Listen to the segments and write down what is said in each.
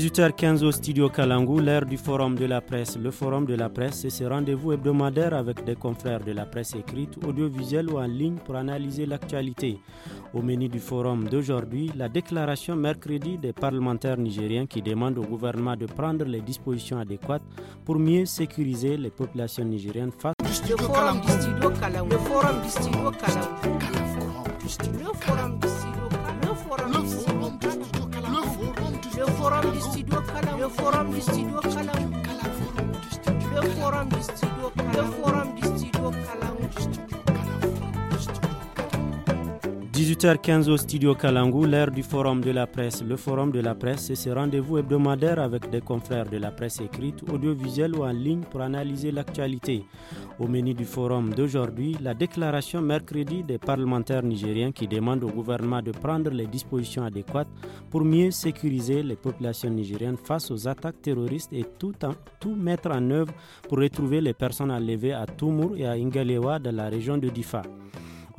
18h15 au studio Kalangou, l'heure du Forum de la presse. Le Forum de la presse, c'est ce rendez-vous hebdomadaire avec des confrères de la presse écrite, audiovisuelle ou en ligne pour analyser l'actualité. Au menu du Forum d'aujourd'hui, la déclaration mercredi des parlementaires nigériens qui demandent au gouvernement de prendre les dispositions adéquates pour mieux sécuriser les populations nigériennes face forum le forum du studio Kalam, The forum du studio Kalam, The forum du studio Kalam, le forum du studio 18h15 au studio Kalangou, l'heure du Forum de la presse. Le Forum de la presse, c'est ce rendez-vous hebdomadaire avec des confrères de la presse écrite, audiovisuelle ou en ligne pour analyser l'actualité. Au menu du Forum d'aujourd'hui, la déclaration mercredi des parlementaires nigériens qui demandent au gouvernement de prendre les dispositions adéquates pour mieux sécuriser les populations nigériennes face aux attaques terroristes et tout, mettre en œuvre pour retrouver les personnes enlevées à Toumour et à Ingalewa dans la région de Difa.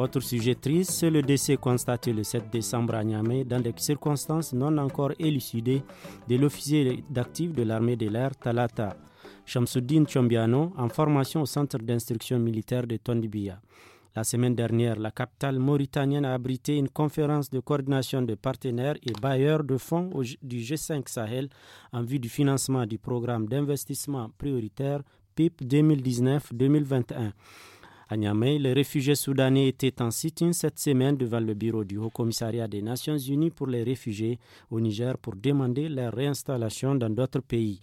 Autre sujet triste, c'est le décès constaté le 7 décembre à Niamey dans des circonstances non encore élucidées de l'officier d'actif de l'armée de l'air Talata, Shamsuddin Chombiano, en formation au centre d'instruction militaire de Tondibia. La semaine dernière, la capitale mauritanienne a abrité une conférence de coordination de partenaires et bailleurs de fonds du G5 Sahel en vue du financement du programme d'investissement prioritaire PIP 2019-2021 les réfugiés soudanais étaient en sit-in cette semaine devant le bureau du Haut-Commissariat des Nations Unies pour les réfugiés au Niger pour demander leur réinstallation dans d'autres pays.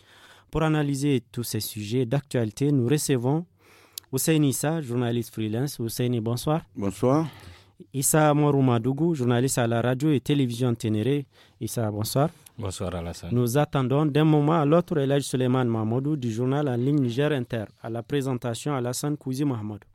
Pour analyser tous ces sujets d'actualité, nous recevons Hussein Issa, journaliste freelance. Hussein, bonsoir. Bonsoir. Issa Madougou, journaliste à la radio et télévision Ténéré. Issa, bonsoir. Bonsoir Alassane. Nous attendons d'un moment à l'autre Elage Suleiman Mahmoudou du journal en ligne Niger Inter. À la présentation, Alassane Kouzi Mahmoudou.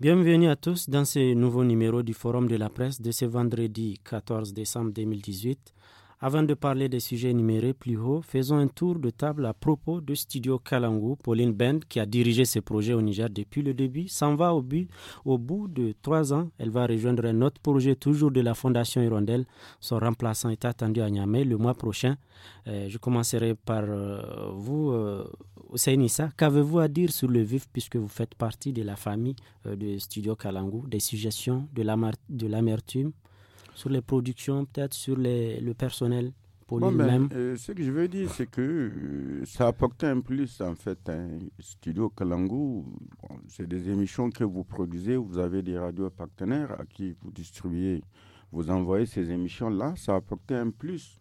Bienvenue à tous dans ce nouveau numéro du Forum de la presse de ce vendredi 14 décembre 2018. Avant de parler des sujets énumérés plus haut, faisons un tour de table à propos de Studio Kalangu. Pauline Bend, qui a dirigé ce projet au Niger depuis le début, s'en va au, au bout de trois ans. Elle va rejoindre un autre projet, toujours de la Fondation Hirondelle. Son remplaçant est attendu à Niamey le mois prochain. Euh, je commencerai par euh, vous, euh, Qu'avez-vous à dire sur le vif, puisque vous faites partie de la famille euh, de Studio Kalangu, des suggestions, de l'amertume sur les productions, peut-être sur le personnel pour lui-même ben, euh, Ce que je veux dire, c'est que ça euh, ça apporte un plus, en fait, un hein. Studio Kalangu. c'est des émissions que vous produisez, vous avez des radios partenaires à qui vous distribuez, vous envoyez ces émissions-là, ça apporte un plus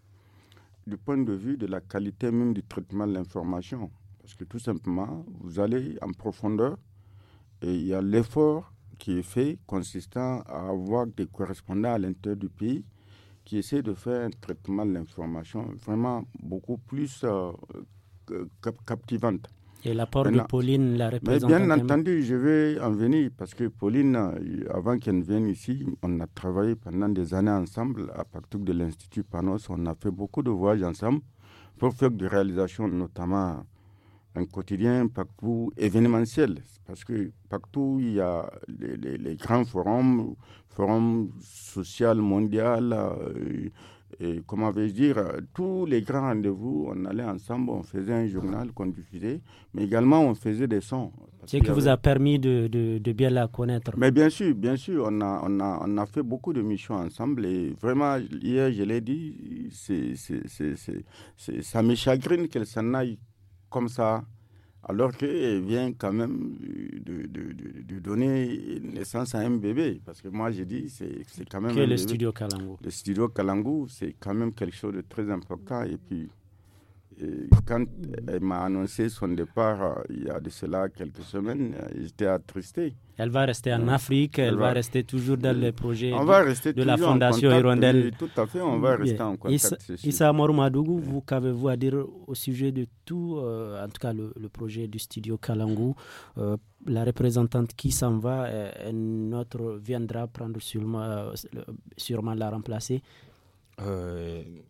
du point de vue de la qualité même du traitement de l'information. Parce que tout simplement, vous allez en profondeur et il y a l'effort qui est fait consistant à avoir des correspondants à l'intérieur du pays qui essaient de faire un traitement de l'information vraiment beaucoup plus euh, captivante. Et l'apport de Pauline, la représentante Mais Bien entendu, je vais en venir parce que Pauline, euh, avant qu'elle ne vienne ici, on a travaillé pendant des années ensemble à partir de l'Institut Panos. On a fait beaucoup de voyages ensemble pour faire des réalisations, notamment un quotidien partout événementiel, parce que partout il y a les, les, grands forums, forums social mondial, euh, et comment vais-je dire, tous les grands rendez-vous, on allait ensemble, on faisait un journal qu'on diffusait, mais également on faisait des sons. Ce qui vous a permis de, de, bien la connaître. Mais bien sûr, bien sûr, on a, on a, on a fait beaucoup de missions ensemble et vraiment, hier, je l'ai dit, c'est, ça me chagrine qu'elle s'en aille comme ça, alors qu'elle vient quand même de, de, donner naissance à un bébé. Parce que moi, j'ai dit, c'est quand même. le studio Kalangu. Le studio Kalangu, c'est quand même quelque chose de très important. Et puis, euh, quand elle m'a annoncé son départ euh, il y a de cela quelques semaines, euh, j'étais attristé. Elle va rester en Afrique, elle, va, rester toujours dans le projet on de, va rester de la Fondation Hirondelle. Tout à fait, on va rester en contact. Issa, Issa vous qu'avez-vous à dire au sujet de tout, en tout cas le, projet du studio Kalangu La représentante qui s'en va, une autre viendra prendre sûrement, sûrement la remplacer.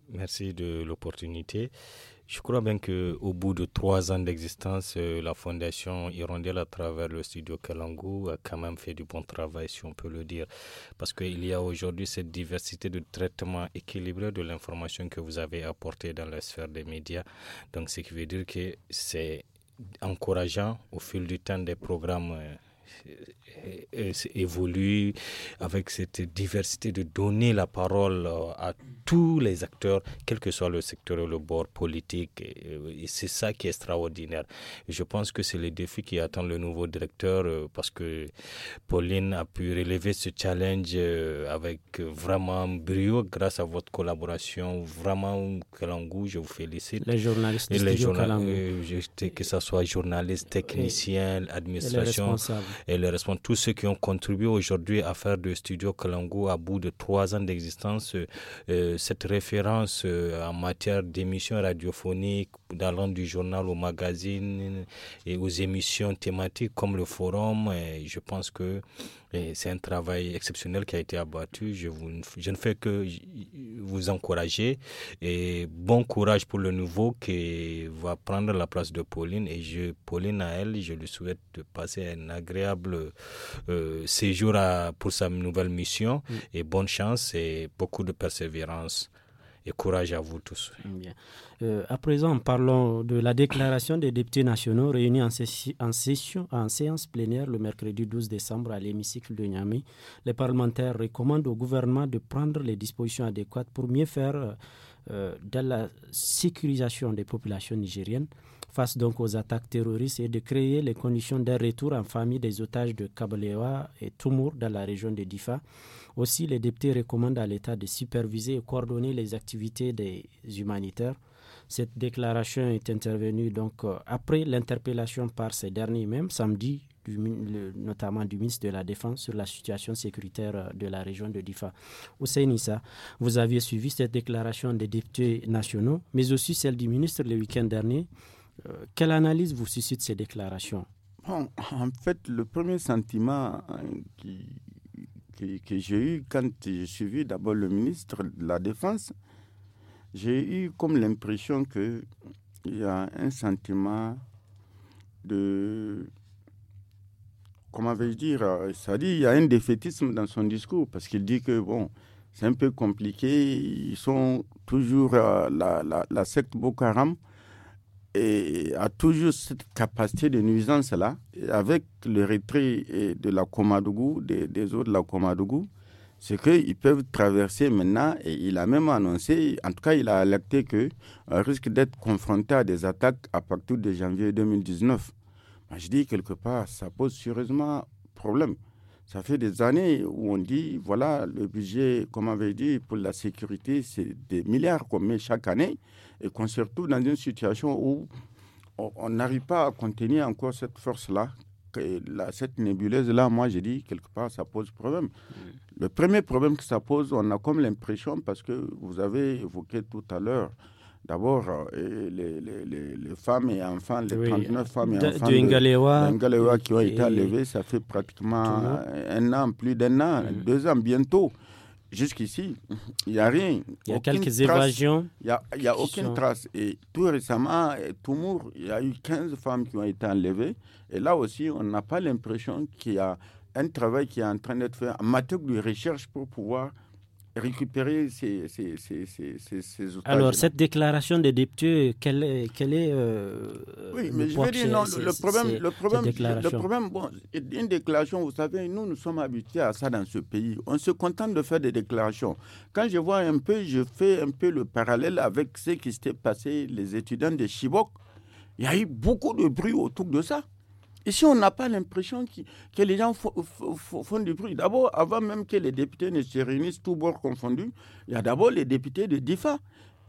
merci de l'opportunité. Je crois bien qu'au bout de trois ans d'existence, euh, la Fondation Hirondelle, à travers le studio Kalangu, a quand même fait du bon travail, si on peut le dire. Parce qu'il y a aujourd'hui cette diversité de traitement équilibré de l'information que vous avez apportée dans la sphère des médias. Donc, ce qui veut dire que c'est encourageant au fil du temps des programmes euh, euh, euh, euh, évolue avec cette diversité de donner la parole à tous les acteurs, quel que soit le secteur ou le bord politique. Et c'est ça qui est extraordinaire. Je pense que c'est le défi qui attend le nouveau directeur parce que Pauline a pu relever ce challenge avec vraiment brio grâce à votre collaboration. Vraiment, Kalangou, je vous félicite. Les journalistes, les que ce soit journalistes, techniciens, administration. Elle les responsables, tous ceux qui ont contribué aujourd'hui à faire de Studio Kalangu à bout de trois ans d'existence, euh, cette référence euh, en matière d'émissions radiophoniques, dans du journal au magazine et aux émissions thématiques comme le forum, je pense que c'est un travail exceptionnel qui a été abattu. Je, ne fais que vous encourager. Et bon courage pour le nouveau qui va prendre la place de Pauline. Et je, Pauline à elle, je lui souhaite de passer un agréable euh, séjour pour sa nouvelle mission. Mm. Et bonne chance et beaucoup de persévérance et courage à vous tous. Bien. Euh, à présent, parlons de la déclaration des députés nationaux réunis en, en, session, en séance plénière le mercredi 12 décembre à l'hémicycle de Niamey. Les parlementaires recommandent au gouvernement de prendre les dispositions adéquates pour mieux faire. Euh, euh, de la sécurisation des populations nigériennes face donc aux attaques terroristes et de créer les conditions d'un retour en famille des otages de Kabalewa et Tumour dans la région de Difa. Aussi, les députés recommandent à l'État de superviser et coordonner les activités des humanitaires. Cette déclaration est intervenue donc euh, après l'interpellation par ces derniers, même samedi notamment du ministre de la Défense, sur la situation sécuritaire euh, de la région de Difa. Hussein Issa, vous aviez suivi cette déclaration des députés nationaux, mais aussi celle du ministre le week-end dernier. Euh, quelle analyse vous suscite ces déclarations En fait, le premier sentiment hein, que, que j'ai eu quand j'ai suivi d'abord le ministre de la Défense, j'ai eu comme l'impression qu'il y a un sentiment de comment vais-je dire, euh, ça dit, il y a un défaitisme dans son discours parce qu'il dit que, bon, c'est un peu compliqué, ils sont toujours, euh, la, secte Boko et a toujours cette capacité de nuisance-là. Avec le retrait de la Komadougou, des, des eaux de la Komadougou, c'est qu'ils peuvent traverser maintenant, et il a même annoncé, en tout cas il a alerté qu'on euh, risque d'être confronté à des attaques à partir de janvier 2019. Bah, je dis quelque part, ça pose sérieusement problème. Ça fait des années où on dit, voilà, le budget, comme on avait dit, pour la sécurité, c'est des milliards qu'on met chaque année et qu'on se retrouve dans une situation où on n'arrive pas à contenir encore cette force-là. cette nébuleuse-là, moi, je dis quelque part, ça pose problème. Le premier problème que ça pose, on a comme l'impression, parce que vous avez évoqué tout à l'heure D'abord, euh, les, femmes et enfants, les 39 femmes et enfants Ngalewa, qui ont été enlevés, ça fait pratiquement un an, plus d'un an, mm. deux ans bientôt. Jusqu'ici, il n'y a rien. Il y a quelques évasions. Il n'y a, aucune trace. Et tout récemment, euh, Toumour, il y a eu 15 femmes qui ont été enlevées. Et là aussi, on n'a pas l'impression qu'il y a un travail qui est en train d'être fait en matière de recherche pour pouvoir récupérer ces, Alors, cette déclaration des députés, quelle est. Quelle est euh, oui, mais je veux dire, non, le problème, le problème, le problème bon, une déclaration, vous savez, nous, nous sommes habitués à ça dans ce pays. On se contente de faire des déclarations. Quand je vois un peu, je fais un peu le parallèle avec ce qui s'était passé, les étudiants de Chibok. Il y a eu beaucoup de bruit autour de ça. Ici, on n'a pas l'impression que, les gens font du bruit. D'abord, avant même que les députés ne se réunissent, tous bords confondus, il y a d'abord les députés de DIFA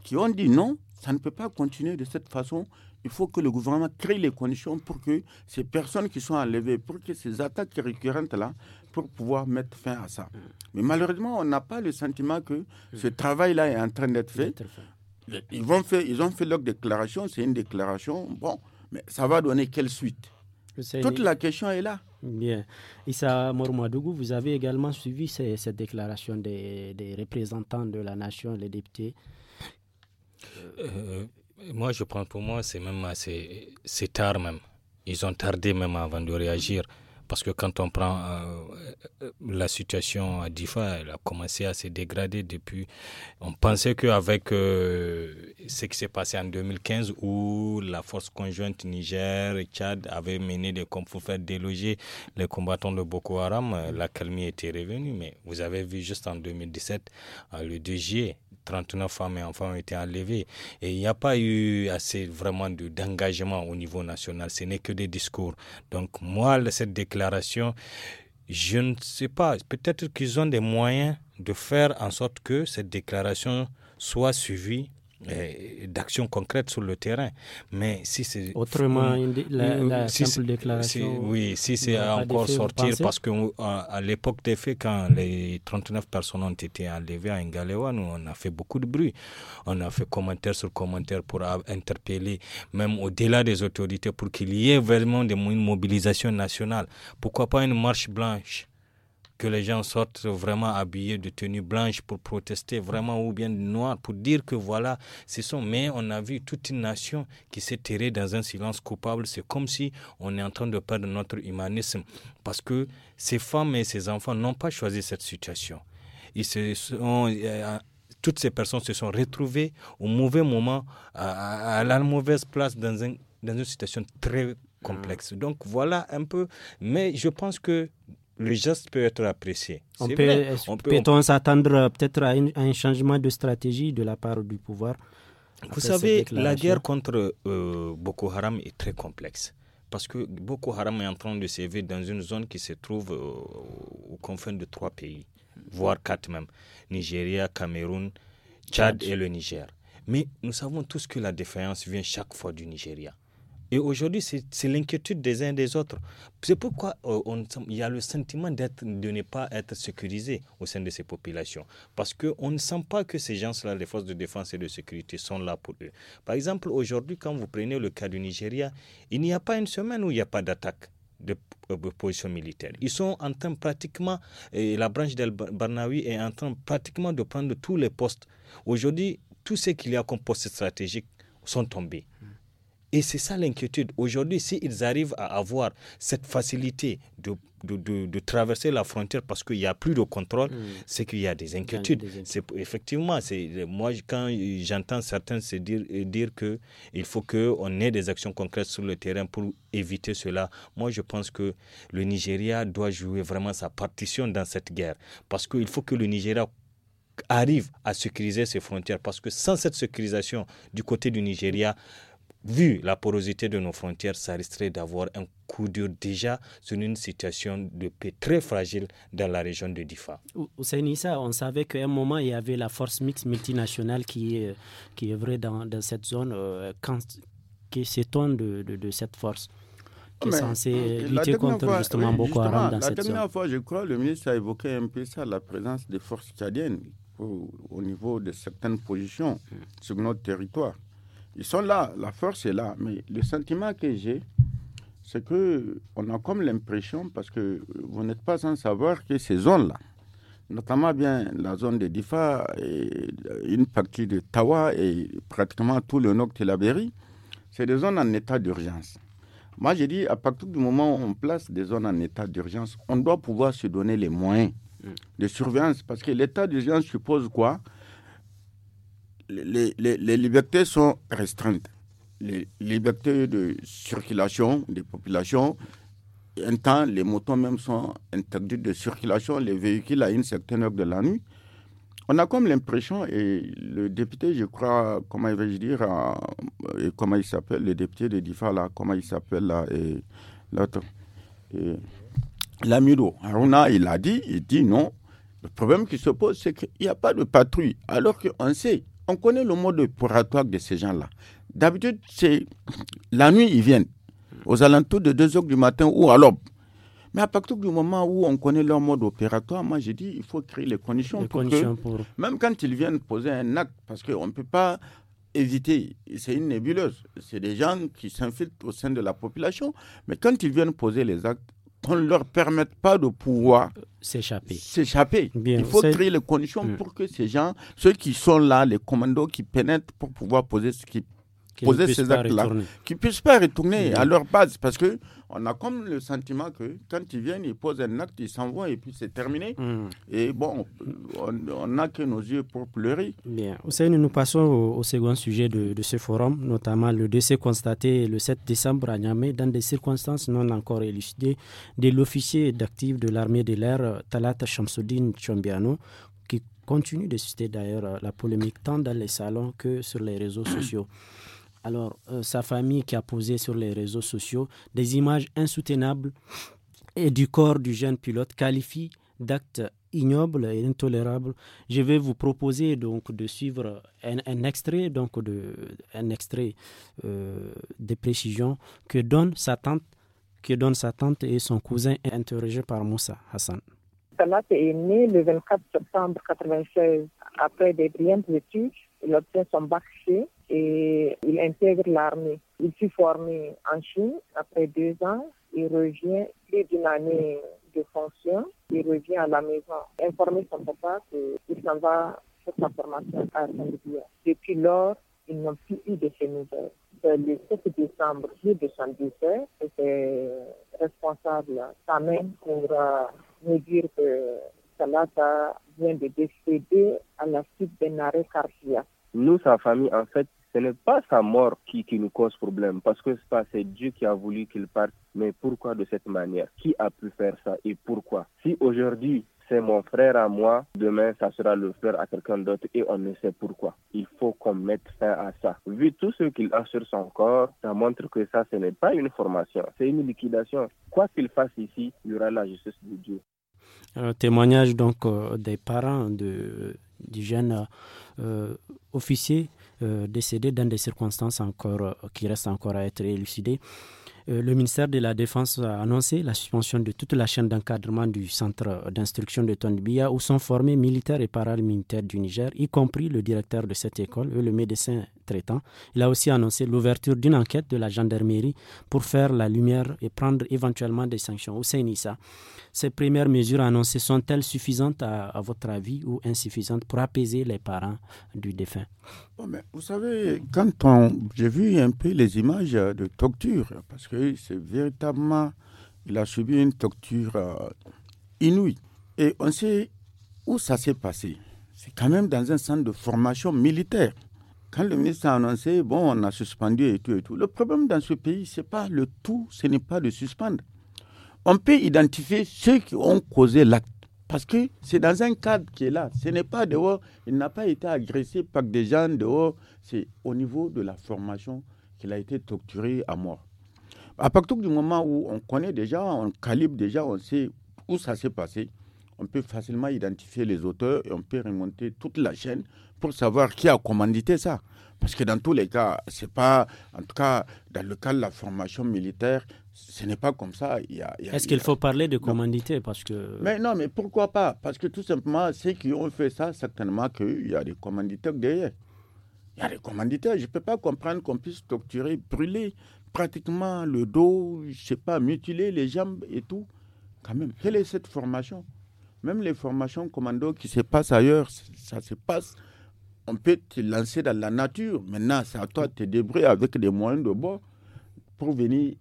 qui ont dit non, ça ne peut pas continuer de cette façon. Il faut que le gouvernement crée les conditions pour que ces personnes qui sont enlevées, pour que ces attaques récurrentes-là, pour pouvoir mettre fin à ça. Mais malheureusement, on n'a pas le sentiment que ce travail-là est en train d'être fait. Ils, vont faire, ils ont fait leur déclaration, c'est une déclaration, bon, mais ça va donner quelle suite toute la question est là. Bien. Issa Mourmouadougou, vous avez également suivi ces, cette déclaration des, représentants de la nation, les députés. Euh, moi, je prends pour moi, c'est même assez. tard même. Ils ont tardé même avant de réagir. Parce que quand on prend euh, la situation à Difa, elle a commencé à se dégrader depuis. On pensait qu'avec euh, ce qui s'est passé en 2015, où la force conjointe Niger et Tchad avait mené des combats pour faire déloger les combattants de Boko Haram, euh, la calmie était revenue. Mais vous avez vu juste en 2017, le 2 juillet, 39 femmes et enfants ont été enlevés. Et il n'y a pas eu assez vraiment d'engagement au niveau national. Ce n'est que des discours. Donc moi, cette déclaration, je ne sais pas. Peut-être qu'ils ont des moyens de faire en sorte que cette déclaration soit suivie d'actions concrètes sur le terrain. Mais si c'est autrement la, si simple déclaration. oui, si c'est encore sortir parce qu'à euh, à, l'époque des faits, quand les 39 personnes ont été enlevées à Ngalewa, nous on a fait beaucoup de bruit. On a fait commentaire sur commentaire pour interpeller même au-delà des autorités pour qu'il y ait vraiment une mobilisation nationale. Pourquoi pas une marche blanche? que les gens sortent vraiment habillés de tenues blanches pour protester vraiment ou bien noires pour dire que voilà, ce sont. Mais on a vu toute une nation qui s'est terrée dans un silence coupable. C'est comme si on est en train de perdre notre humanisme parce que ces femmes et ces enfants n'ont pas choisi cette situation. Ils euh, toutes ces personnes se sont retrouvées au mauvais moment, à, la mauvaise place, dans, un, dans, une situation très complexe. Mm. Donc voilà un peu. Mais je pense que le geste peut être apprécié. On peut, on peut, s'attendre peut-être à, un changement de stratégie de la part du pouvoir Vous savez, la guerre contre euh, Boko Haram est très complexe. Parce que Boko Haram est en train de vivre dans une zone qui se trouve euh, aux confins de trois pays, voire quatre même Nigeria, Cameroun, Tchad et le Niger. Mais nous savons tous que la défaillance vient chaque fois du Nigeria. Et aujourd'hui, c'est l'inquiétude des uns des autres. C'est pourquoi euh, on, il y a le sentiment de ne pas être sécurisé au sein de ces populations. Parce qu'on ne sent pas que ces gens-là, les forces de défense et de sécurité, sont là pour eux. Par exemple, aujourd'hui, quand vous prenez le cas du Nigeria, il n'y a pas une semaine où il n'y a pas d'attaque de, euh, position militaire. Ils sont en train pratiquement, la branche d'Al-Barnawi est en train pratiquement de prendre tous les postes. Aujourd'hui, tout ce qu'il y a comme postes stratégiques sont tombés. Et c'est ça l'inquiétude. Aujourd'hui, s'ils arrivent à avoir cette facilité de, de, traverser la frontière parce qu'il n'y a plus de contrôle, hmm. c'est qu'il y a des inquiétudes. effectivement, moi quand j'entends certains se dire dire que il faut qu'on ait des actions concrètes sur le terrain pour éviter cela. Moi, je pense que le Nigeria doit jouer vraiment sa partition dans cette guerre parce qu'il faut que le Nigeria arrive à sécuriser ses frontières parce que sans cette sécurisation du côté du Nigeria, vu la porosité de nos frontières, ça risquerait d'avoir un coup dur déjà sur une situation de paix très fragile dans la région de Difa. Nissa, on savait qu'à un moment, il y avait la force mixte multinationale qui, est, qui œuvrait dans, dans cette zone. Euh, quand, qui s'étonne de, cette force qui est censée euh, lutter contre justement Boko Haram dans cette zone. La dernière fois, je crois, le ministre a évoqué un peu ça, la présence des forces tchadiennes au niveau de certaines positions sur notre territoire. Ils sont là, la force est là. Mais le sentiment que j'ai, c'est que on a comme l'impression, parce que vous n'êtes pas sans savoir que ces zones-là, notamment bien la zone de Difa et une partie de Tawa et pratiquement tout le nord de la c'est des zones en état d'urgence. Moi, j'ai dit, à partir du moment où on place des zones en état d'urgence, on doit pouvoir se donner les moyens mm. de surveillance, parce que l'état d'urgence suppose quoi les, les, libertés sont restreintes. Les libertés de circulation des populations, un temps, les motos même sont interdits de circulation, les véhicules à une certaine heure de la nuit. On a comme l'impression, et le député, je crois, comment il vais-je dire, euh, comment il s'appelle, le député de Difa, là, comment il s'appelle, là, et l'autre, l'Amiro, Aruna, il a dit, il dit non. Le problème qui se pose, c'est qu'il n'y a pas de patrouille, alors qu'on sait on connaît le mode opératoire de ces gens-là. D'habitude, c'est la nuit, ils viennent, aux alentours de 2 h du matin ou à l'aube. Mais à partir du moment où on connaît leur mode opératoire, moi j'ai dit il faut créer les conditions, pour, conditions même quand ils viennent poser un acte, parce qu'on ne peut pas éviter, c'est une nébuleuse, c'est des gens qui s'infiltrent au sein de la population, mais quand ils viennent poser les actes, qu'on ne leur permette pas de pouvoir s'échapper. S'échapper. Il faut créer les conditions mm. pour que ces gens, ceux qui sont là, les commandos qui pénètrent pour pouvoir poser ce qui qui ne puissent pas retourner à leur base. Parce que on a comme le sentiment que quand ils viennent, ils posent un acte, ils s'en vont et puis c'est terminé. Hmm. Et bon, on n'a que nos yeux pour pleurer. Bien. Hussein, nous passons au, second sujet de, ce forum, notamment le décès constaté le 7 décembre à Niamey dans des circonstances non encore élucidées de l'officier d'actif de l'armée de l'air Talata Shamsuddin Chombiano, qui continue de susciter d'ailleurs la polémique tant dans les salons que sur les réseaux sociaux alors euh, sa famille qui a posé sur les réseaux sociaux des images insoutenables et du corps du jeune pilote qualifie d'actes ignobles et intolérables. Je vais vous proposer donc de suivre un, extrait, donc de, un extrait euh, des précisions que donne sa tante, que donne sa tante et son cousin interrogé par Moussa Hassan. Salat est né le 24 septembre 1996 après des brillantes études il obtient son bac et il intègre l'armée. Il fut formé en Chine. Après deux ans, il revient plus d'une année de fonction. Il revient à la maison, informer son papa qu'il s'en va faire sa formation à saint Depuis lors, ils n'ont plus eu de ces nouvelles. Euh, le 7 décembre 1917, c'était responsable quand même pour euh, nous dire que Salata vient de décéder à la suite d'un arrêt cardiaque nous, sa famille, en fait, ce n'est pas sa mort qui, qui nous cause problème, parce que c'est Dieu qui a voulu qu'il parte. Mais pourquoi de cette manière Qui a pu faire ça et pourquoi Si aujourd'hui, c'est mon frère à moi, demain, ça sera le frère à quelqu'un d'autre et on ne sait pourquoi. Il faut qu'on mette fin à ça. Vu tout ce qu'il a sur son corps, ça montre que ça, ce n'est pas une formation, c'est une liquidation. Quoi qu'il fasse ici, il y aura la justice de Dieu. Un témoignage donc euh, des parents de, du jeune euh, officier euh, décédé dans des circonstances encore qui restent encore à être élucidées. Euh, le ministère de la Défense a annoncé la suspension de toute la chaîne d'encadrement du centre d'instruction de Tondibia où sont formés militaires et paramilitaires du Niger, y compris le directeur de cette école et le médecin traitant. Il a aussi annoncé l'ouverture d'une enquête de la gendarmerie pour faire la lumière et prendre éventuellement des sanctions. Au Seine-Issa. ces premières mesures annoncées sont-elles suffisantes à, votre avis ou insuffisantes pour apaiser les parents du défunt Vous savez, quand j'ai vu un peu les images de torture, parce que c'est véritablement, il a subi une torture euh, inouïe. Et on sait où ça s'est passé. C'est quand même dans un centre de formation militaire. Quand le ministre a annoncé, bon, on a suspendu et tout et tout. Le problème dans ce pays, ce n'est pas le tout, ce n'est pas de suspendre. On peut identifier ceux qui ont causé l'acte. Parce que c'est dans un cadre qui est là. Ce n'est pas dehors. Il n'a pas été agressé par des gens dehors. C'est au niveau de la formation qu'il a été torturé à mort. À partir du moment où on connaît déjà, on calibre déjà, on sait où ça s'est passé, on peut facilement identifier les auteurs et on peut remonter toute la chaîne pour savoir qui a commandité ça. Parce que dans tous les cas, c'est pas, en tout cas, dans le cas de la formation militaire, ce n'est pas comme ça. Est-ce qu'il faut parler de commandité parce que... Mais non, mais pourquoi pas Parce que tout simplement, ceux qui ont fait ça, certainement qu'il y a des commanditaires derrière. Il y a des commanditaires. Je ne peux pas comprendre qu'on puisse torturer, brûler pratiquement le dos, je sais pas, mutiler les jambes et tout. Quand même, quelle est cette formation Même les formations commando qui se passent ailleurs, ça se passe. On peut te lancer dans la nature. Maintenant, c'est à toi de te débrouiller avec des moyens de bord pour venir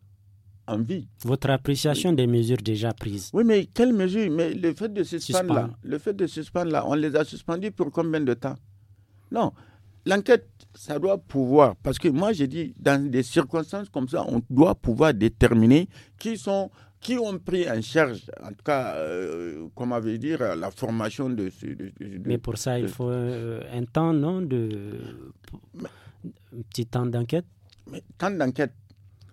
en vie. Votre appréciation des mesures déjà prises. Oui, mais quelles mesures Mais le fait de suspendre le fait de suspendre là, on les a suspendus pour combien de temps Non, l'enquête, ça doit pouvoir, parce que moi j'ai dit, dans des circonstances comme ça, on doit pouvoir déterminer qui sont qui ont pris en charge, en tout cas, euh, comment dire, la formation de, Mais pour ça, il faut euh, un temps, non de... Un petit temps d'enquête Mais temps d'enquête,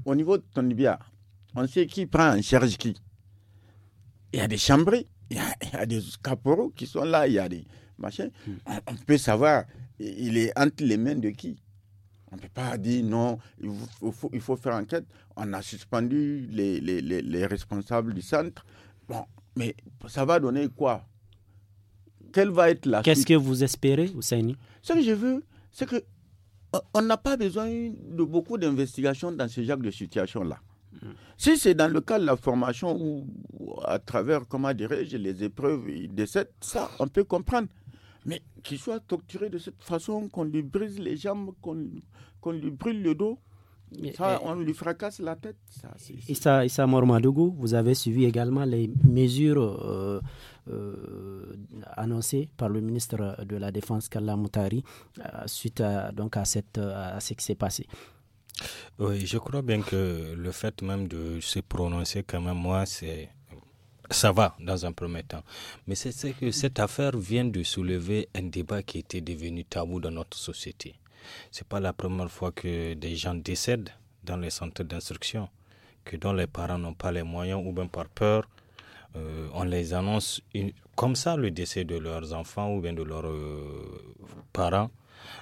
au niveau de Tonibia, on sait qui prend en charge qui. Il y a des chambrés, il y a, des caporaux qui sont là, il y a des machins. Hmm. On peut savoir il est entre les mains de qui On ne peut pas dire non, il faut, il faut, faire enquête. On a suspendu les, les, les, responsables du centre. Bon, mais ça va donner quoi Quelle va être la Qu'est-ce que vous espérez, Ousseini Ce que je veux, c'est que euh, on n'a pas besoin de beaucoup d'investigations dans ce genre de situation-là. Hmm. Si c'est dans le cas de la formation ou à travers, comment dirais-je, les épreuves de cette, ça, on peut comprendre mais qu'il soit torturé de cette façon, qu'on lui brise les jambes, qu'on lui brûle le dos, ça, on lui fracasse la tête. Ça, Issa, Mormadougou, vous avez suivi également les mesures euh, euh, annoncées par le ministre de la Défense, Kalla Moutari, euh, suite donc à, cette, à ce qui s'est passé. Oui, je crois bien que le fait même de se prononcer, quand même, moi, c'est ça va dans un premier temps. Mais c'est que cette affaire vient de soulever un débat qui était devenu tabou dans notre société. C'est pas la première fois que des gens décèdent dans les centres d'instruction, que dont les parents n'ont pas les moyens ou bien par peur, euh, on les annonce comme ça le décès de leurs enfants ou bien de leurs euh, parents.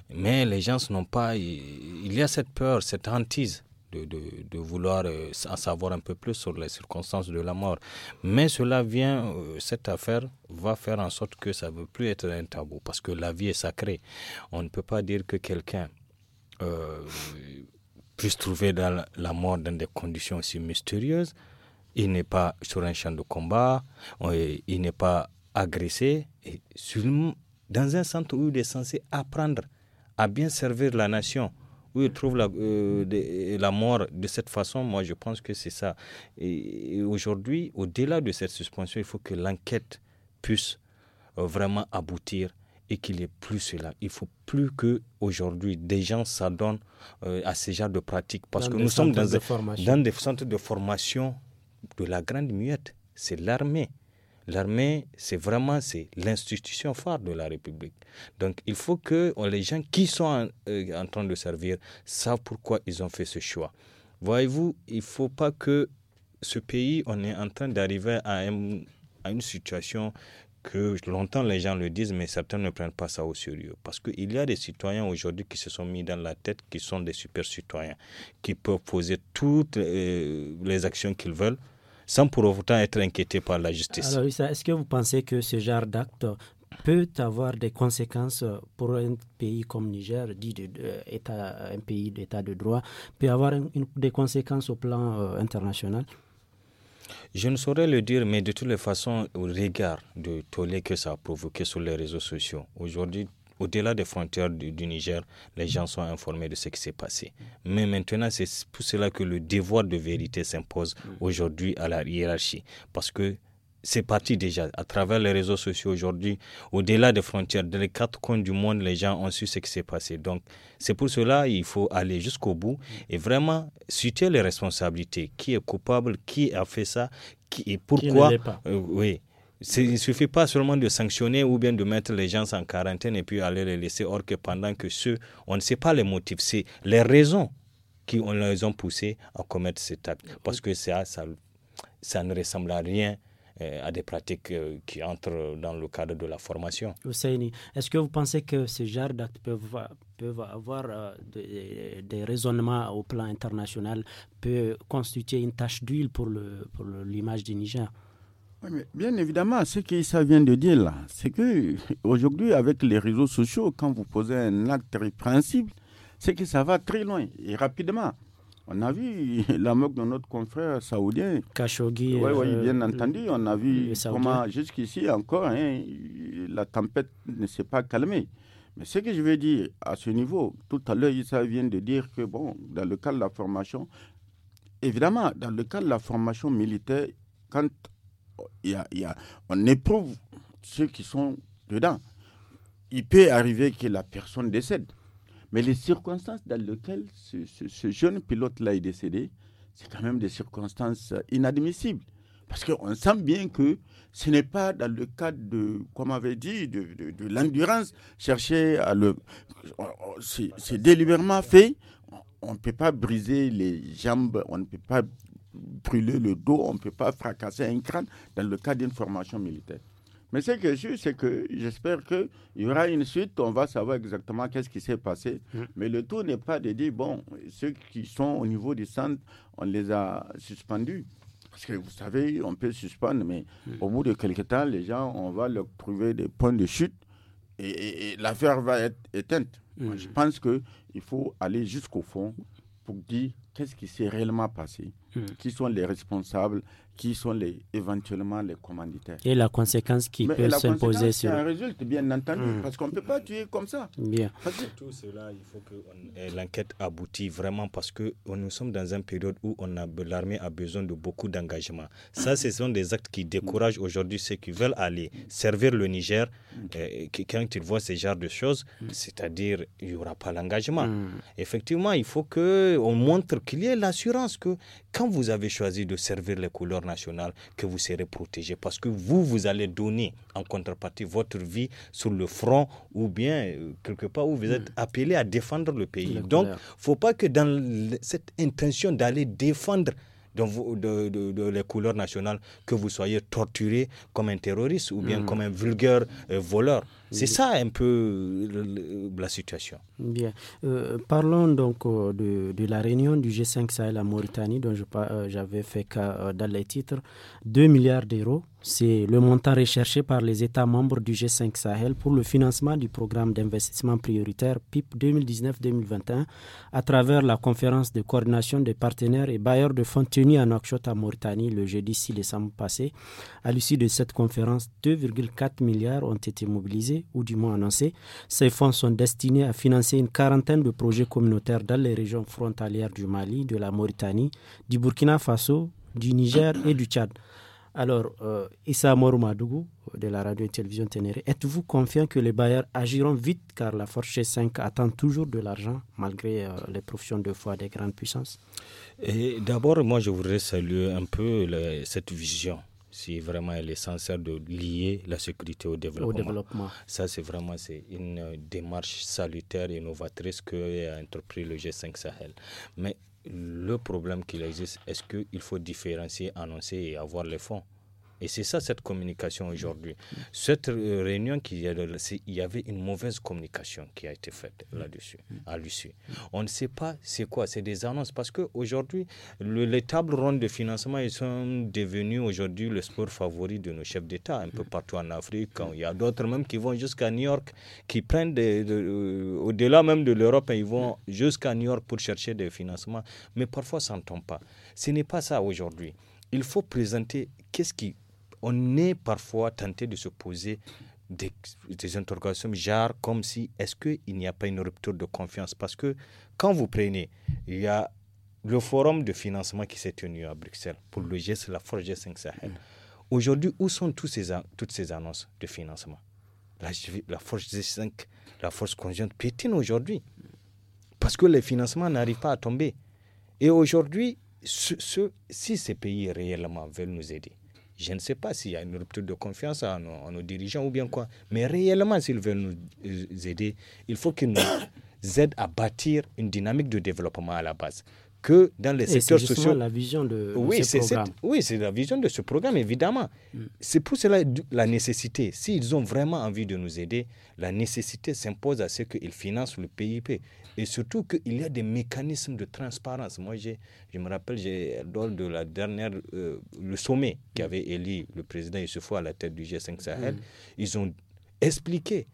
Mais les gens n'ont pas. Il y a cette peur, cette hantise de, vouloir euh, en savoir un peu plus sur les circonstances de la mort. Mais cela vient, euh, cette affaire va faire en sorte que ça ne veut plus être un tabou, parce que la vie est sacrée. On ne peut pas dire que quelqu'un euh, puisse trouver dans la mort dans des conditions si mystérieuses. Il n'est pas sur un champ de combat, il n'est pas agressé, et dans un centre où il est censé apprendre à bien servir la nation où ils trouvent euh, la, mort de cette façon, moi je pense que c'est ça. Et, aujourd'hui, au-delà de cette suspension, il faut que l'enquête puisse euh, vraiment aboutir et qu'il n'y ait plus cela. Il faut plus que aujourd'hui des gens s'adonnent euh, à ce genre de pratiques parce que nous sommes dans, dans des centres de formation de la grande muette. C'est l'armée. L'armée, c'est vraiment c'est l'institution phare de la République. Donc, il faut que euh, les gens qui sont euh, en, train de servir savent pourquoi ils ont fait ce choix. Voyez-vous, il ne faut pas que ce pays, on est en train d'arriver à, à une situation que longtemps les gens le disent, mais certains ne prennent pas ça au sérieux. Parce qu'il y a des citoyens aujourd'hui qui se sont mis dans la tête qui sont des super citoyens, qui peuvent poser toutes euh, les actions qu'ils veulent sans pour autant être inquiété par la justice. Alors, est-ce que vous pensez que ce genre d'acte peut avoir des conséquences pour un pays comme Niger, dit de, état, un pays d'état de droit, peut avoir des conséquences au plan euh, international je ne saurais le dire, mais de toutes les façons, au regard du tollé que ça a provoqué sur les réseaux sociaux, aujourd'hui, au-delà des frontières du, Niger, les gens sont informés de ce qui s'est passé. Mais maintenant, c'est pour cela que le devoir de vérité s'impose mm. aujourd'hui à la hiérarchie. Parce que c'est parti déjà. À travers les réseaux sociaux aujourd'hui, au-delà des frontières, dans les quatre coins du monde, les gens ont su ce qui s'est passé. Donc, c'est pour cela qu'il faut aller jusqu'au bout mm. et vraiment citer les responsabilités. Qui est coupable Qui a fait ça qui, et pourquoi euh, Oui. Il ne suffit pas seulement de sanctionner ou bien de mettre les gens en quarantaine et puis aller les laisser. Or que pendant que ceux, on ne sait pas les motifs, c'est les raisons qui les ont poussés à commettre cet acte. Parce que ça, ne ressemble à rien euh, à des pratiques euh, qui entrent dans le cadre de la formation. Ousseini, est-ce que vous pensez que ce genre d'actes peuvent, peuvent, avoir euh, des, raisonnements au plan international, peut constituer une tache d'huile pour l'image pour du Niger bien évidemment, ce que ça vient de dire là, c'est que aujourd'hui, avec les réseaux sociaux, quand vous posez un acte répréhensible, c'est que ça va très loin et rapidement. On a vu la moque de notre confrère saoudien. Khashoggi. Oui, euh, bien entendu. On a vu comment, jusqu'ici encore, hein, la tempête ne s'est pas calmée. Mais ce que je veux dire à ce niveau, tout à l'heure, ça vient de dire que, bon, dans le cas de la formation, évidemment, dans le cas de la formation militaire, quand on éprouve ceux qui sont dedans. Il peut arriver que la personne décède. Mais les circonstances dans lesquelles ce, jeune pilote-là est décédé, c'est quand même des circonstances euh, inadmissibles. Parce qu'on sent bien que ce n'est pas dans le cadre de, comme avait dit, de, de, de l'endurance, chercher à le. C'est délibérément fait. On ne peut pas briser les jambes, on ne peut pas brûler le dos, on ne peut pas fracasser un crâne dans le cadre d'une formation militaire. Mais ce que je suis, c'est que j'espère qu'il y aura une suite, on va savoir exactement qu'est-ce qui s'est passé. Mmh. Mais le tout n'est pas de dire, bon, ceux qui sont au niveau du centre, on les a suspendus. Parce que vous savez, on peut suspendre, mais mmh. au bout de quelques temps, les gens, on va leur trouver des points de chute et, l'affaire va être éteinte. Mmh. je pense qu'il faut aller jusqu'au fond pour dire qu'est-ce qui s'est réellement passé. Hmm. Qui sont les responsables Qui sont les, éventuellement les commanditaires Et la conséquence qui peut s'imposer sur. un résultat, bien entendu, hmm. parce qu'on ne peut pas tuer comme ça. Bien. Parce Tout cela, il faut que eh, l'enquête aboutit vraiment parce que nous sommes dans une période où on a, l'armée a besoin de beaucoup d'engagement. Ça, ce sont des actes qui découragent aujourd'hui ceux qui veulent aller servir le Niger. Hmm. Eh, quand ils voient ce genre de choses, c'est-à-dire, il n'y aura pas l'engagement. Effectivement, il faut qu'on montre qu'il y ait l'assurance que quand vous avez choisi de servir les couleurs nationales, que vous serez protégé. Parce que vous, vous allez donner en contrepartie votre vie sur le front ou bien euh, quelque part où vous êtes hmm. appelé à défendre le pays. Donc, il ne faut pas que dans cette intention d'aller défendre de, de, de, les couleurs nationales que vous soyez torturé comme un terroriste ou bien mm. comme un vulgaire euh, voleur. C'est ça un peu la situation. Bien. Euh, parlons donc euh, de, de, la réunion du G5 Sahel à Mauritanie, dont j'avais fait cas dans les titres. 2 milliards d'euros c'est le montant recherché par les États membres du G5 Sahel pour le financement du programme d'investissement prioritaire PIP 2019-2021 à travers la conférence de coordination des partenaires et bailleurs de fonds tenue à Nouakchott, à Mauritanie, le jeudi 6 décembre passé. À l'issue de cette conférence, 2,4 milliards ont été mobilisés, ou du moins annoncés. Ces fonds sont destinés à financer une quarantaine de projets communautaires dans les régions frontalières du Mali, de la Mauritanie, du Burkina Faso, du Niger et du Tchad. Alors, euh, Issa Issa Morumadougou, euh, de la radio et télévision Ténéré, êtes-vous confiant que les bailleurs agiront vite car la force G5 attend toujours de l'argent malgré euh, les professions de foi des grandes puissances D'abord, moi je voudrais saluer un peu cette vision si vraiment elle est sincère de lier la sécurité au développement. développement. Ça, c'est vraiment c'est une démarche salutaire et novatrice que a entrepris le G5 Sahel. Mais le problème qu'il existe, est-ce qu'il faut différencier, annoncer et avoir les fonds et c'est ça cette communication aujourd'hui. Cette réunion, qui, il y avait une mauvaise communication qui a été faite là-dessus, à l'issue. On ne sait pas c'est quoi, c'est des annonces parce qu'aujourd'hui, le, les tables rondes de financement, ils sont devenus aujourd'hui le sport favori de nos chefs d'État un peu partout en Afrique. Il y a d'autres même qui vont jusqu'à New York, qui prennent euh, au-delà même de l'Europe, ils vont jusqu'à New York pour chercher des financements. Mais parfois, ça ne tombe pas. Ce n'est pas ça aujourd'hui. Il faut présenter qu'est-ce qui on est parfois tenté de se poser des, interrogations genre comme si est-ce qu'il n'y a pas une rupture de confiance Parce que quand vous prenez, il y a le forum de financement qui s'est tenu à Bruxelles pour le GES, la force G5 Sahel. Mm. Aujourd'hui, où sont tous ces, toutes ces annonces de financement la, force G5, la force conjointe piétine aujourd'hui. Parce que les financements n'arrivent pas à tomber. Et aujourd'hui, ce, si ces pays réellement veulent nous aider, je ne sais pas s'il y a une rupture de confiance en nos, dirigeants ou bien quoi. Mais réellement, s'ils veulent nous euh, aider, il faut qu'ils nous aident à bâtir une dynamique de développement à la base que dans les Et secteurs sociaux. la vision de, oui, ce programme. oui, c'est la vision de ce programme, évidemment. Mm. C'est pour cela la nécessité. S'ils ont vraiment envie de nous aider, la nécessité s'impose à ce qu'ils financent le PIP. Et surtout qu'il y a des mécanismes de transparence. Moi, je me rappelle, j'ai lors de la dernière, euh, le sommet qui avait élu le président Youssoufou à la tête du G5 Sahel, mm. ils ont expliqué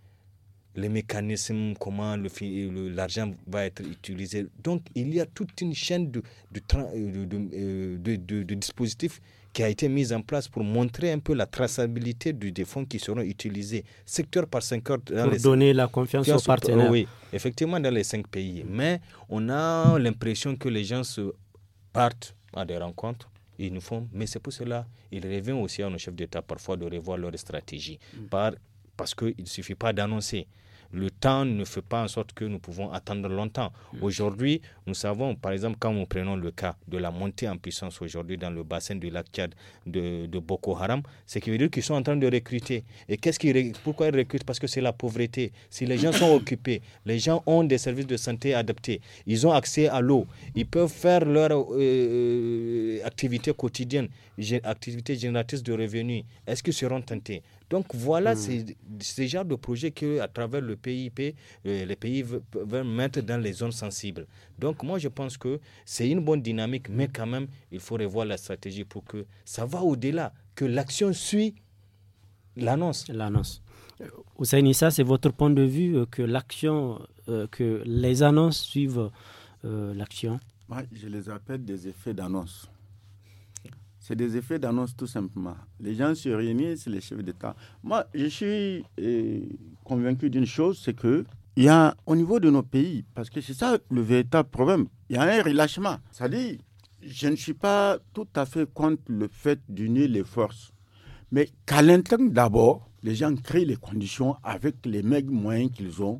les mécanismes, comment l'argent le, l'argent va être utilisé. Donc, il y a toute une chaîne euh, euh, de, de, dispositifs qui a été mise en place pour montrer un peu la traçabilité des fonds qui seront utilisés secteur par secteur. pour donner la confiance aux partenaires. Oui, effectivement, dans les cinq pays. Mais on a l'impression que les gens se partent à des rencontres. Ils nous font, mais c'est pour cela, Ils revient aussi à nos chefs d'État parfois de revoir leur stratégie. Mm. Par, parce qu'il ne suffit pas d'annoncer le temps ne fait pas en sorte que nous pouvons attendre longtemps. Mm. Aujourd'hui, nous savons, par exemple, quand nous prenons le cas de la montée en puissance aujourd'hui dans le bassin du lac Tchad de, Boko Haram, c'est qui veut dire qu'ils sont en train de recruter. Et qu'est-ce qu'ils, pourquoi ils recrutent Parce que c'est la pauvreté. Si les gens sont occupés, les gens ont des services de santé adaptés, ils ont accès à l'eau, ils peuvent faire leur euh, euh, activité quotidienne activités génératrices de revenus, est-ce qu'ils seront tentés Donc voilà ce hmm. ces, de projets que, à travers le PIP, euh, les pays veulent mettre dans les zones sensibles. Donc moi, je pense que c'est une bonne dynamique, mais quand même, il faut revoir la stratégie pour que ça va au-delà, que l'action suit l'annonce. L'annonce. Hussein euh, c'est votre point de vue euh, que l'action, que les annonces suivent l'action Moi, je les appelle des effets d'annonce. C'est des effets d'annonce tout simplement. Les gens se réunissent, les chefs d'État. Moi, je suis euh, convaincu d'une chose, c'est que il y a au niveau de nos pays, parce que c'est ça le véritable problème, il y a un relâchement. C'est-à-dire, je ne suis pas tout à fait contre le fait d'unir les forces, mais qu'à l'intérieur, d'abord, les gens créent les conditions avec les maigres moyens qu'ils ont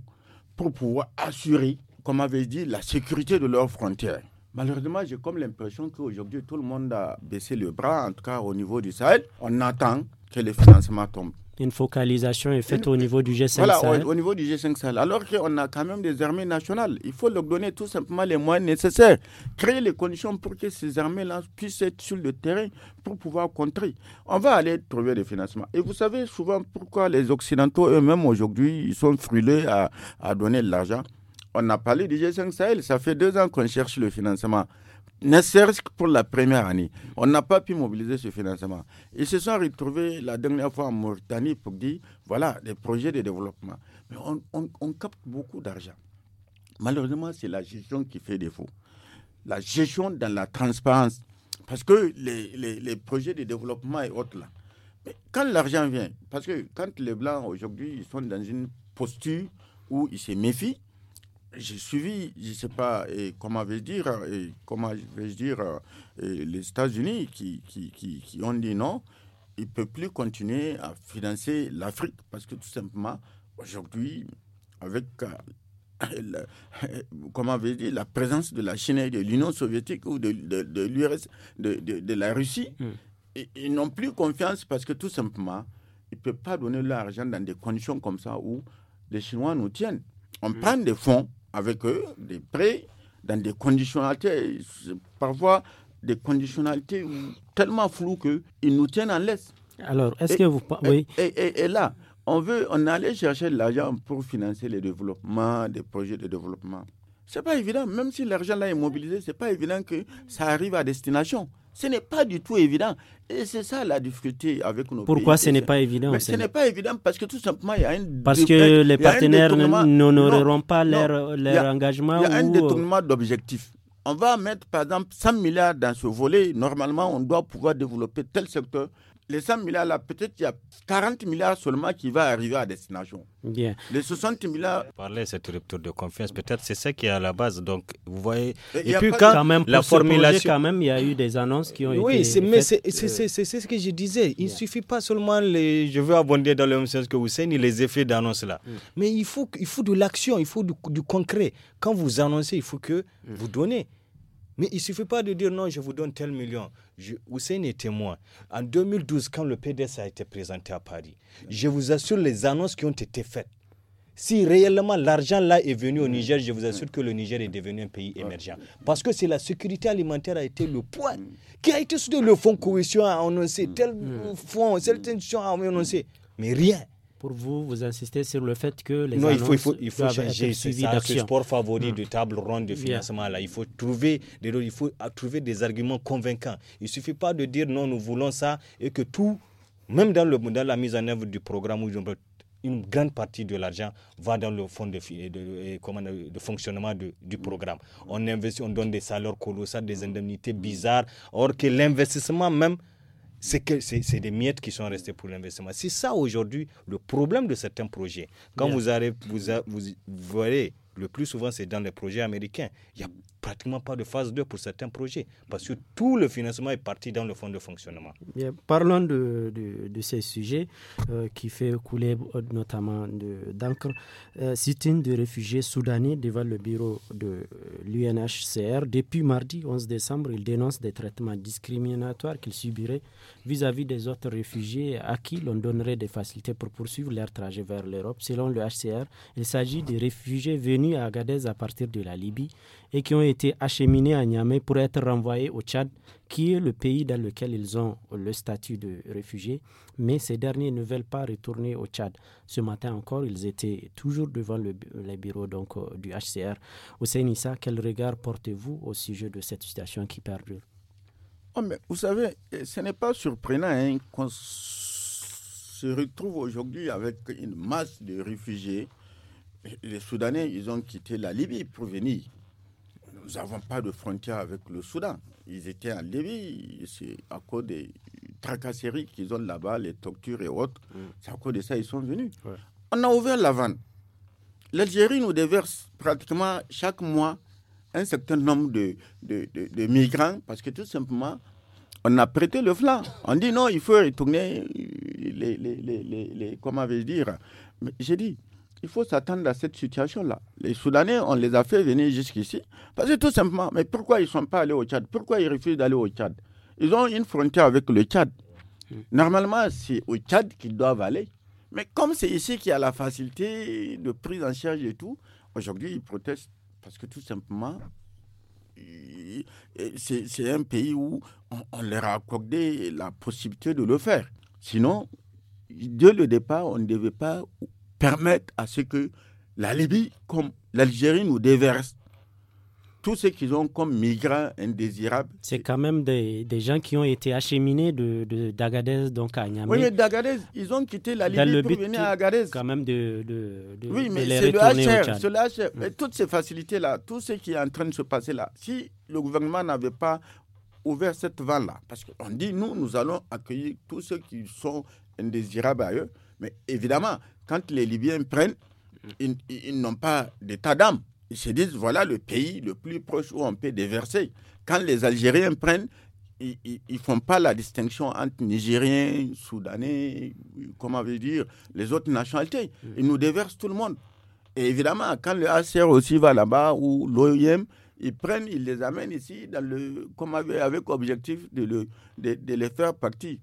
pour pouvoir assurer, comme avait dit, la sécurité de leurs frontières. Malheureusement, j'ai comme l'impression qu'aujourd'hui, tout le monde a baissé le bras, en tout cas au niveau du Sahel. On attend que les financements tombent. Une focalisation est faite au niveau du G5 Sahel. Au, au, niveau du G5 Sahel. Alors qu'on a quand même des armées nationales. Il faut leur donner tout simplement les moyens nécessaires. Créer les conditions pour que ces armées-là puissent être sur le terrain pour pouvoir contrer. On va aller trouver des financements. Et vous savez souvent pourquoi les Occidentaux eux-mêmes aujourd'hui, ils sont frileux à donner de l'argent on a parlé du G5 Sahel. Ça fait deux ans qu'on cherche le financement. Ne serait-ce que pour la première année, on n'a pas pu mobiliser ce financement. Ils se sont retrouvés la dernière fois en Mauritanie pour dire voilà, des projets de développement. Mais on, capte beaucoup d'argent. Malheureusement, c'est la gestion qui fait défaut. La gestion dans la transparence. Parce que les, projets de développement et autres, là, quand l'argent vient, parce que quand les Blancs aujourd'hui, ils sont dans une posture où ils se méfient, j'ai suivi, je ne sais pas et comment vais-je dire, comment vais dire, les États-Unis qui, qui, qui, ont dit non, ils ne peut plus continuer à financer l'Afrique parce que tout simplement, aujourd'hui, avec euh, la, comment dire, la présence de la Chine et de l'Union soviétique ou de, de, de l'URSS, de, de, la Russie, hmm. ils, n'ont plus confiance parce que tout simplement, ils ne peuvent pas donner l'argent dans des conditions comme ça où les Chinois nous tiennent. On hmm. prend des fonds avec eux des prêts dans des conditionnalités, parfois des conditionnalités tellement floues qu'ils nous tiennent en laisse. Alors, est-ce que vous... Oui. Et, et, là, on veut, on allait chercher l'argent pour financer le développement, des projets de développement. C'est pas évident, même si l'argent là est mobilisé, c'est pas évident que ça arrive à destination. Ce n'est pas du tout évident. Et c'est ça la difficulté avec nos Pourquoi ce n'est pas évident Ce n'est pas évident parce que tout simplement, il y a une. Parce que les partenaires n'honoreront pas leur, engagement. un euh, détournement d'objectifs. On va mettre, par exemple, 100 milliards dans ce volet. Normalement, on doit pouvoir développer tel secteur les 100 milliards là, peut-être il y a 40 milliards seulement qui va arriver à destination. Bien. Les 60 milliards. Parler cette rupture de confiance, peut-être c'est ça qui est à la base. Donc, vous voyez. Et, puis, quand, même, la formulation. quand même, il y a eu des annonces qui ont oui, faites. Oui, euh, mais c'est ce que je disais. Il ne suffit pas seulement, les, je veux abonder dans le même sens que vous ni les effets d'annonce là. Mm. Mais il faut, il faut de l'action, il faut du, concret. Quand vous annoncez, il faut que mm. vous donnez. Mais il ne suffit pas de dire non, je vous donne tel million. Je, Hussein est témoin. En 2012, quand le PDS a été présenté à Paris, je vous assure les annonces qui ont été faites. Si réellement l'argent là est venu au Niger, je vous assure que le Niger est devenu un pays émergent. Parce que c'est la sécurité alimentaire a été le point mm. qui a été soutenu. Le fonds cohésion a annoncé, mm. tel mm. fonds, certaines choses a annoncé. Mais rien pour vous, vous insistez sur le fait que les non, il faut, il faut, il faut changer ce sport favori hmm. de table ronde de financement là. Il faut trouver des, il faut euh, trouver des arguments convaincants. Il suffit pas de dire non, nous voulons ça et que tout, même dans le dans la mise en œuvre du programme une grande partie de l'argent va dans le fonds de, de, de, de fonctionnement du programme. On investit, on donne des salaires colossales, des indemnités bizarres, or que l'investissement même c'est des miettes qui sont restées pour l'investissement. C'est ça aujourd'hui le problème de certains projets. Quand vous, allez... vous, vous le plus souvent, c'est dans les projets américains. Il n'y a pratiquement pas de phase 2 pour certains projets, parce que tout le financement est parti dans le fonds de fonctionnement. parlons de, ces sujets euh, qui fait couler euh, notamment d'encre. Euh, une de réfugiés soudanais devant le bureau de euh, l'UNHCR. Depuis mardi 11 décembre, il dénonce des traitements discriminatoires qu'il subirait vis-à-vis des autres réfugiés à qui l'on donnerait des facilités pour poursuivre leur trajet vers l'Europe. Selon le HCR, il s'agit des réfugiés venus à Agadez à partir de la Libye et qui ont été acheminés à Niamey pour être renvoyés au Tchad, qui est le pays dans lequel ils ont le statut de réfugiés. Mais ces derniers ne veulent pas retourner au Tchad. Ce matin encore, ils étaient toujours devant les bureaux donc, euh, du HCR. Hussein Issa, quel regard portez-vous au sujet de cette situation qui perdure oh, mais Vous savez, eh, ce n'est pas surprenant hein, qu'on se retrouve aujourd'hui avec une masse de réfugiés les Soudanais, ils ont quitté la Libye pour venir. Nous n'avons pas de frontière avec le Soudan. Ils étaient en Libye, c'est à cause des tracasseries qu'ils ont là-bas, les tortures et autres. Mm. C'est à cause de ça ils sont venus. On a ouvert la vanne. L'Algérie nous déverse pratiquement chaque mois un certain nombre de, migrants parce que tout simplement, on a prêté le flanc. On dit non, il faut retourner les, les, les, les comment vais-je dire. j'ai dit, il faut s'attendre à cette situation-là. Les Soudanais, on les a fait venir jusqu'ici parce que tout simplement, mais pourquoi ils ne sont pas allés au Tchad Pourquoi ils refusent d'aller au Tchad Ils ont une frontière avec le Tchad. Mm. Normalement, c'est au Tchad qu'ils doivent aller. Mais comme c'est ici qu'il y a la facilité de prise en charge et tout, aujourd'hui, ils protestent parce que tout simplement, c'est un pays où on, leur a accordé la possibilité de le faire. Sinon, dès le départ, on ne devait pas permettent à ce que la Libye, comme l'Algérie, nous déverse tous ceux qu'ils ont comme migrants indésirables. C'est quand même des, des, gens qui ont été acheminés de, d'Agadez donc à Niamey. Oui, mais d'Agadez, ils ont quitté la Libye pour venir à Agadez. Quand même de, de, de Oui, mais c'est, le HR, c'est mm. toutes ces facilités-là, tout ce qui est en train de se passer là, si le gouvernement n'avait pas ouvert cette vanne-là, parce qu'on dit, nous, nous allons accueillir tous ceux qui sont indésirables à eux, mais évidemment, quand les Libyens prennent, mm. ils, n'ont pas d'état d'âme. Ils se disent, voilà le pays le plus proche où on peut déverser. Quand les Algériens prennent, ils ne font pas la distinction entre Nigériens, Soudanais, comment veut dire, les autres nationalités. Mm. Ils nous déversent tout le monde. Et évidemment, quand le HCR aussi va là-bas, ou l'OIM, ils prennent, ils les amènent ici, dans le, comme avec, avec objectif de, le, de, de les faire partie.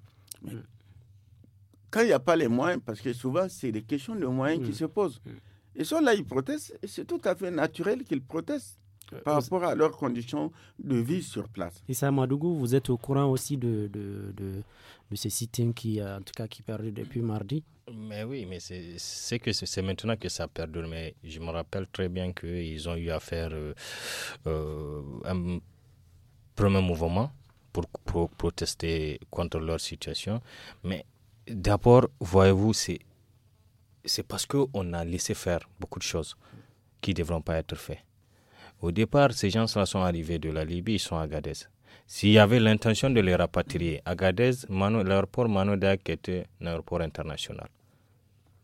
Quand il n'y a pas les moyens, parce que souvent, c'est des questions de moyens qui mm. se posent. Mm. Et ça, là, ils protestent, et c'est tout à fait naturel qu'ils protestent euh, par rapport à leurs conditions de vie sur place. Et ça, Madougou, vous êtes au courant aussi de, de, de, de ce qui, euh, en tout cas, qui perdent depuis mardi Mais oui, mais c'est que c'est maintenant que ça perdu, Mais je me rappelle très bien qu'ils ont eu à faire euh, un premier mouvement pour, pour protester contre leur situation. Mais D'abord, voyez-vous, c'est, c'est parce qu'on a laissé faire beaucoup de choses qui ne devront pas être faites. Au départ, ces gens-là sont arrivés de la Libye, ils sont à Gadez. S'il y avait l'intention de les rapatrier à Gadez, l'aéroport Manodak était un aéroport international.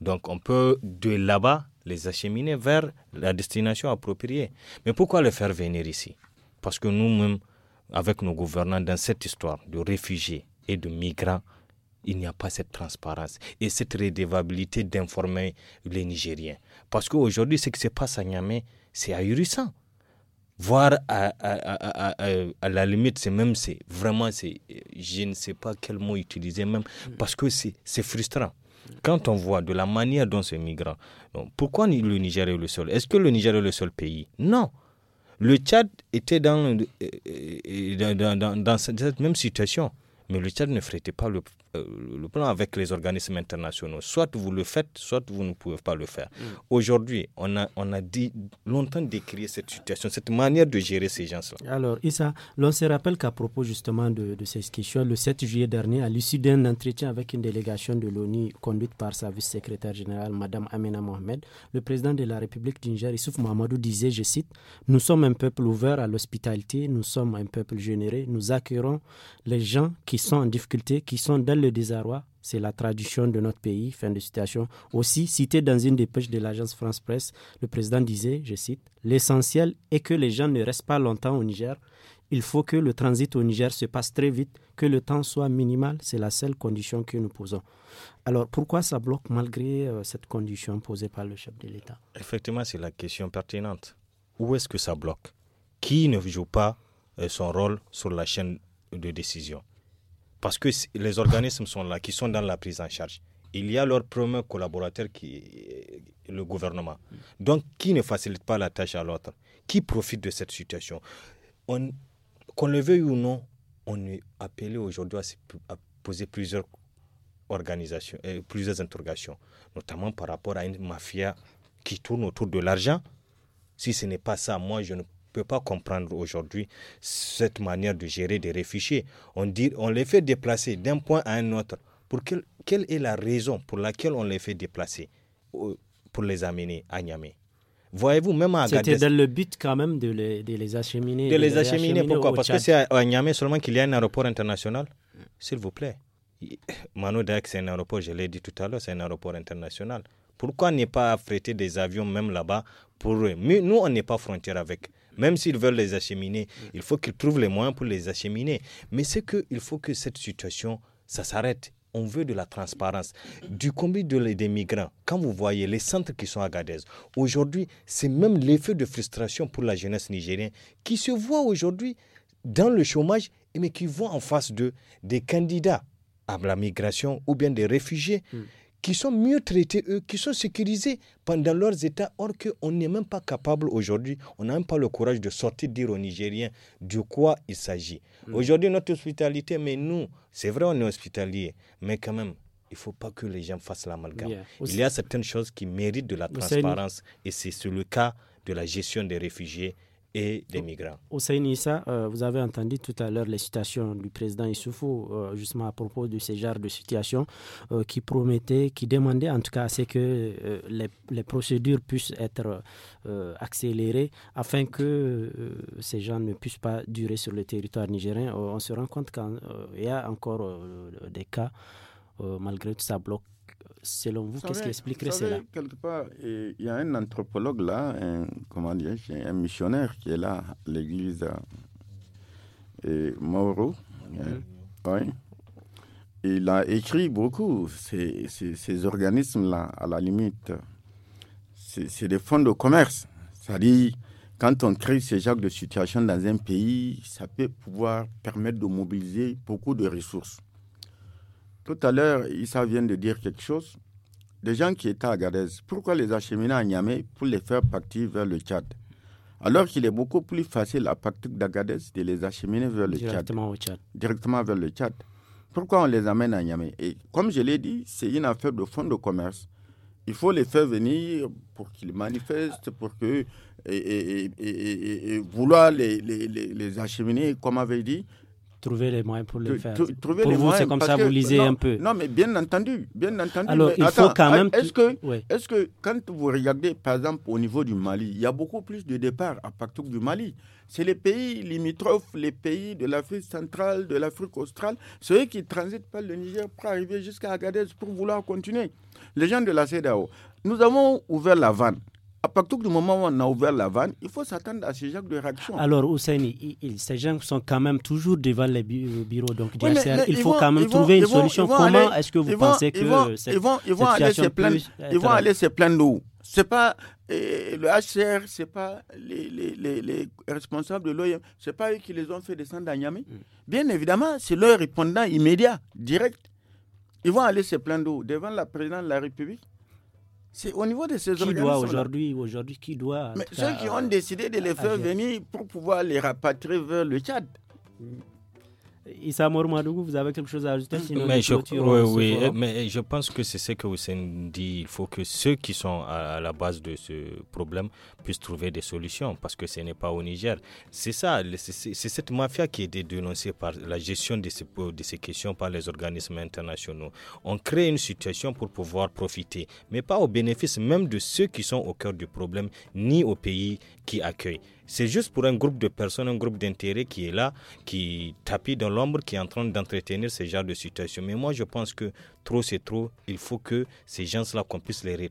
Donc on peut de là-bas les acheminer vers la destination appropriée. Mais pourquoi les faire venir ici Parce que nous-mêmes, avec nos gouvernants, dans cette histoire de réfugiés et de migrants, il n'y a pas cette transparence et cette redevabilité d'informer les Nigériens. Parce qu'aujourd'hui, ce qui se passe à Niamey, c'est ahurissant. voire à, à, à, à, la limite, c'est même, c'est vraiment, c'est, je ne sais pas quel mot utiliser même, parce que c'est frustrant quand on voit de la manière dont ces migrants. pourquoi le Niger est le seul Est-ce que le Niger est le seul pays Non. Le Tchad était dans, euh, euh, dans, cette même situation, mais le Tchad ne frétait pas le euh, le plan avec les organismes internationaux. Soit vous le faites, soit vous ne pouvez pas le faire. Mm. Aujourd'hui, on a, on a dit, longtemps décrié cette situation, cette manière de gérer ces gens-là. Alors, Issa, l'on se rappelle qu'à propos justement de, de ces questions, le 7 juillet dernier, à l'issue d'un entretien avec une délégation de l'ONU conduite par sa vice-secrétaire générale, Madame Amina Mohamed, le président de la République du Niger, Issouf disait, je cite, Nous sommes un peuple ouvert à l'hospitalité, nous sommes un peuple généreux, nous accueillons les gens qui sont en difficulté, qui sont dans le désarroi, c'est la tradition de notre pays. Fin de citation. Aussi, cité dans une dépêche de l'agence France Presse, le président disait, je cite, L'essentiel est que les gens ne restent pas longtemps au Niger. Il faut que le transit au Niger se passe très vite, que le temps soit minimal. C'est la seule condition que nous posons. Alors pourquoi ça bloque malgré euh, cette condition posée par le chef de l'État Effectivement, c'est la question pertinente. Où est-ce que ça bloque Qui ne joue pas euh, son rôle sur la chaîne de décision parce que les organismes sont là, qui sont dans la prise en charge. Il y a leur premier collaborateur qui est euh, le gouvernement. Donc, qui ne facilite pas la tâche à l'autre Qui profite de cette situation On, Qu'on le veuille ou non, on est appelé aujourd'hui à, à, poser plusieurs organisations, et euh, plusieurs interrogations, notamment par rapport à une mafia qui tourne autour de l'argent. Si ce n'est pas ça, moi, je ne peut pas comprendre aujourd'hui cette manière de gérer des réfugiés. On, dit, on les fait déplacer d'un point à un autre. Pour quelle est la raison pour laquelle on les fait déplacer euh, pour les amener à Niamey Voyez-vous, même à Agadez. C'était dans le but quand même de les, de les acheminer. De les, acheminer, pourquoi Parce que c'est à, Niamey seulement qu'il y a un aéroport international. S'il vous plaît. Mano c'est un aéroport, je l'ai dit tout à l'heure, c'est un aéroport international. Pourquoi ne pas affréter des avions même là-bas pour eux Mais nous, on n'est pas frontière avec même s'ils veulent les acheminer, mm. il faut qu'ils trouvent les moyens pour les acheminer. Mais c'est qu'il faut que cette situation, ça s'arrête. On veut de la transparence. Du combi de, des migrants, quand vous voyez les centres qui sont à Gadez, aujourd'hui, c'est même l'effet de frustration pour la jeunesse nigérienne qui se voit aujourd'hui dans le chômage, mais qui voit en face de des candidats à la migration ou bien des réfugiés. Mm qui sont mieux traités, eux, qui sont sécurisés pendant leurs États, or qu'on n'est même pas capable aujourd'hui, on n'a même pas le courage de sortir dire aux Nigériens de quoi il s'agit. Mm. Aujourd'hui, notre hospitalité, mais nous, c'est vrai, on est hospitalier, mais quand même, il ne faut pas que les gens fassent l'amalgame. Il y a certaines choses qui méritent de la transparence, et c'est sur le cas de la gestion des réfugiés et des migrants. Hossein euh, vous avez entendu tout à l'heure les citations du président Issoufou, euh, justement à propos de ce genre de situation, euh, qui promettait, qui demandait en tout cas à que les, les, procédures puissent être accélérées afin que ces gens ne puissent pas durer sur le territoire nigérien. on se rend compte qu'il y a encore des cas, malgré tout ça bloque selon vous, qu'est-ce qui expliquerait cela il y a un anthropologue là, un, comment un missionnaire qui est là, l'église euh, Mauro. Mhm. Euh, il a écrit beaucoup ces, organismes-là, à la limite. C'est des fonds de commerce. C'est-à-dire, quand on crée ce genre de situation dans un pays, ça peut pouvoir permettre de mobiliser beaucoup de ressources. Tout à l'heure, Issa vient de dire quelque chose. Des gens qui étaient à Agadez, pourquoi les acheminer à Niamey pour les faire partir vers le Tchad Alors qu'il est beaucoup plus facile à partir d'Agadez de les acheminer vers le directement Tchad. Directement vers le Tchad. Pourquoi on les amène à Niamey Et comme je l'ai dit, c'est une affaire de fonds de commerce. Il faut les faire venir pour qu'ils manifestent, pour que. Et, vouloir les acheminer, comme avait dit, trouver les moyens pour le faire. pour vous, c'est comme ça, vous lisez un peu. Non, mais bien entendu, bien entendu. Alors, il faut quand même. Est-ce que, que quand vous regardez, par exemple, au niveau du Mali, il y a beaucoup plus de départs à partir du Mali c'est les pays limitrophes, les pays de l'Afrique centrale, de l'Afrique australe, ceux qui transitent par le Niger pour arriver jusqu'à Agadez pour vouloir continuer. Les gens de la CEDAO, nous avons ouvert la vanne à partir du moment où on a ouvert la vanne, il faut s'attendre à ce genre de réaction. Alors, Ousseini, ces gens sont quand même toujours devant les euh, bureaux donc, il faut quand même trouver une solution. Comment est-ce que vous pensez que ils cette, ils vont, aller se plaindre, Ils vont euh, aller se plaindre où C'est pas euh, le HCR, ce n'est pas les, responsables de l'OIM, ce n'est pas eux qui les ont fait descendre à Niamey. Mm. Bien évidemment, c'est leur répondant immédiat, direct. Ils vont aller se plaindre devant la présidente de la République. C'est au niveau de ces qui doit aujourd'hui, aujourd'hui, qui doit. Mais ceux qui ont euh, décidé de les faire venir pour pouvoir les rapatrier vers le Tchad. Issa Mormadougou, vous avez quelque chose à ajouter sinon mais je, oui, oui, mais je pense que c'est ce que Hussein dit. Il faut que ceux qui sont à, la base de ce problème puissent trouver des solutions parce que ce n'est pas au Niger. C'est ça, c'est cette mafia qui est dénoncée par la gestion de ces, de ces questions par les organismes internationaux. On crée une situation pour pouvoir profiter, mais pas au bénéfice même de ceux qui sont au cœur du problème ni au pays qui accueille. C'est juste pour un groupe de personnes, un groupe d'intérêts qui est là, qui tapit dans l'ombre, qui est en train d'entretenir ce genre de situation. Mais moi, je pense que trop, c'est trop. Il faut que ces gens-là, qu'on puisse les,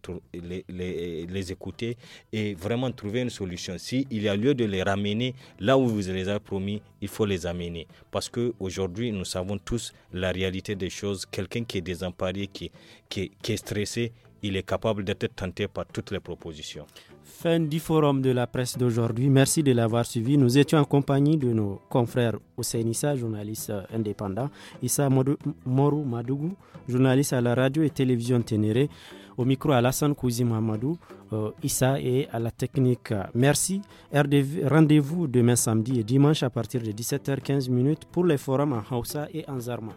écouter et vraiment trouver une solution. S'il il y a lieu de les ramener là où vous les avez promis, il faut les amener. Parce qu'aujourd'hui, nous savons tous la réalité des choses. Quelqu'un qui est désemparé, qui, qui est stressé, il est capable d'être tenté par toutes les propositions. Fin du forum de la presse d'aujourd'hui. Merci de l'avoir suivi. Nous étions en compagnie de nos confrères Ousseinissa, journaliste euh, indépendant, Issa Moru Madougou, journaliste à la radio et télévision Ténéré, au micro Alassane Kouzi Mamadou, euh, Issa et à la technique. Merci. Rendez-vous demain samedi et dimanche à partir de 17h15 pour les forums en Hausa et en Zarma.